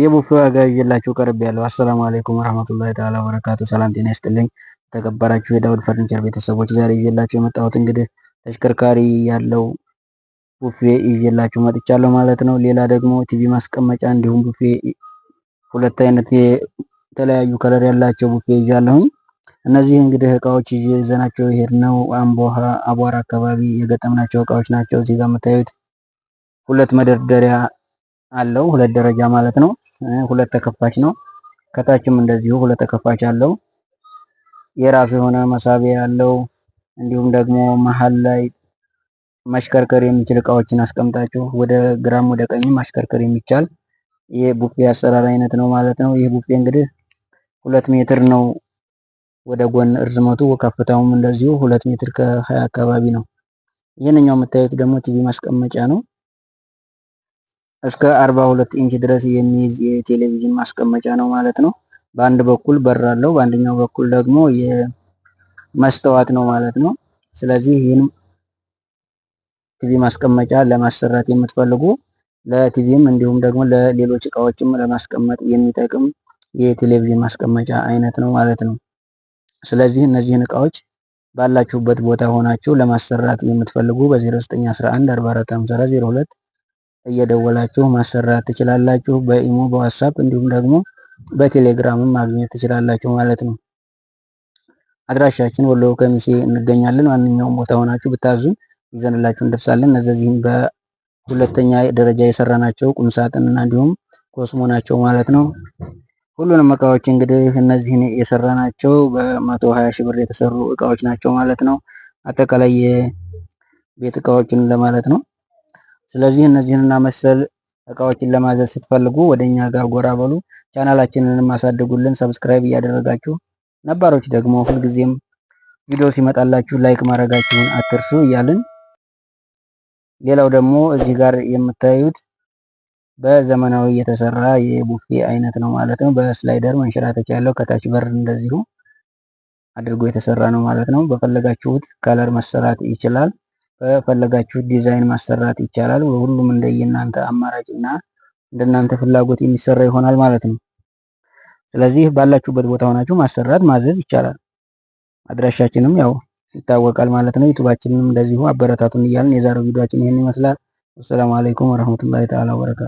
የቡፌ ዋጋ ይዤላችሁ ያለው አሰላሙ አለይኩም ወራህመቱላሂ ተዓላ ወበረካቱ። ሰላም ጤና ይስጥልኝ ተከበራችሁ የዳውድ ፈርኒቸር ቤተሰቦች፣ ዛሬ ይዤላችሁ የመጣሁት እንግዲህ ተሽከርካሪ ያለው ቡፌ ይዤላችሁ መጥቻለሁ ማለት ነው። ሌላ ደግሞ ቲቪ ማስቀመጫ እንዲሁም ቡፌ ሁለት አይነት የተለያዩ ከለር ያላቸው ቡፌ ይዣለሁኝ። እነዚህ እንግዲህ እቃዎች ይዘናቸው የሄድነው አምቦሃ አቧራ አካባቢ የገጠምናቸው እቃዎች ናቸው። እዚህ ጋር የምታዩት ሁለት መደርደሪያ አለው ሁለት ደረጃ ማለት ነው። ሁለት ተከፋች ነው። ከታችም እንደዚሁ ሁለት ተከፋች አለው። የራሱ የሆነ መሳቢያ ያለው እንዲሁም ደግሞ መሀል ላይ ማሽከርከር የሚችል እቃዎችን አስቀምጣችሁ ወደ ግራም ወደ ቀኝ ማሽከርከር የሚቻል የቡፌ አሰራር አይነት ነው ማለት ነው። ይህ ቡፌ እንግዲህ ሁለት ሜትር ነው ወደ ጎን እርዝመቱ፣ ከፍታውም እንደዚሁ ሁለት ሜትር ከሀያ አካባቢ ነው። ይህንኛው የምታዩት ደግሞ ቲቪ ማስቀመጫ ነው። እስከ 42 ኢንች ድረስ የሚይዝ የቴሌቪዥን ማስቀመጫ ነው ማለት ነው። በአንድ በኩል በር አለው፣ በአንደኛው በኩል ደግሞ የመስተዋት ነው ማለት ነው። ስለዚህ ይህን ቲቪ ማስቀመጫ ለማሰራት የምትፈልጉ ለቲቪም እንዲሁም ደግሞ ለሌሎች እቃዎችም ለማስቀመጥ የሚጠቅም የቴሌቪዥን ማስቀመጫ አይነት ነው ማለት ነው። ስለዚህ እነዚህን እቃዎች ባላችሁበት ቦታ ሆናችሁ ለማሰራት የምትፈልጉ በ0911 50 02 እየደወላችሁ ማሰራት ትችላላችሁ። በኢሞ በዋትሳፕ እንዲሁም ደግሞ በቴሌግራምም ማግኘት ትችላላችሁ ማለት ነው። አድራሻችን ወሎ ከሚሴ እንገኛለን። ማንኛውም ቦታ ሆናችሁ ብታዙን ይዘንላችሁ እንደርሳለን። እነዚህም በሁለተኛ ደረጃ የሰራናቸው ቁምሳጥንና እንዲሁም ኮስሞ ናቸው ማለት ነው። ሁሉንም እቃዎች እንግዲህ እነዚህን የሰራናቸው በመቶ ሀያ ሺህ ብር የተሰሩ እቃዎች ናቸው ማለት ነው። አጠቃላይ የቤት እቃዎችን ለማለት ነው። ስለዚህ እነዚህንና መሰል እቃዎችን ለማዘዝ ስትፈልጉ ወደ እኛ ጋር ጎራ በሉ። ቻናላችንን አሳድጉልን ሰብስክራይብ እያደረጋችሁ፣ ነባሮች ደግሞ ሁልጊዜም ቪዲዮ ሲመጣላችሁ ላይክ ማድረጋችሁን አትርሱ እያልን ሌላው ደግሞ እዚህ ጋር የምታዩት በዘመናዊ የተሰራ የቡፌ አይነት ነው ማለት ነው። በስላይደር መንሸራተች ያለው ከታች በር እንደዚሁ አድርጎ የተሰራ ነው ማለት ነው። በፈለጋችሁት ከለር መሰራት ይችላል። በፈለጋችሁ ዲዛይን ማሰራት ይቻላል። ሁሉም እንደየናንተ አማራጭ እና እንደናንተ ፍላጎት የሚሰራ ይሆናል ማለት ነው። ስለዚህ ባላችሁበት ቦታ ሆናችሁ ማሰራት ማዘዝ ይቻላል። አድራሻችንም ያው ይታወቃል ማለት ነው። ዩቱባችንንም እንደዚሁ አበረታቱን እያልን የዛሬው ቪዲዮአችን ይህን ይመስላል። አሰላሙ አለይኩም ወረህመቱላሂ ተዓላ ወበረካቱ።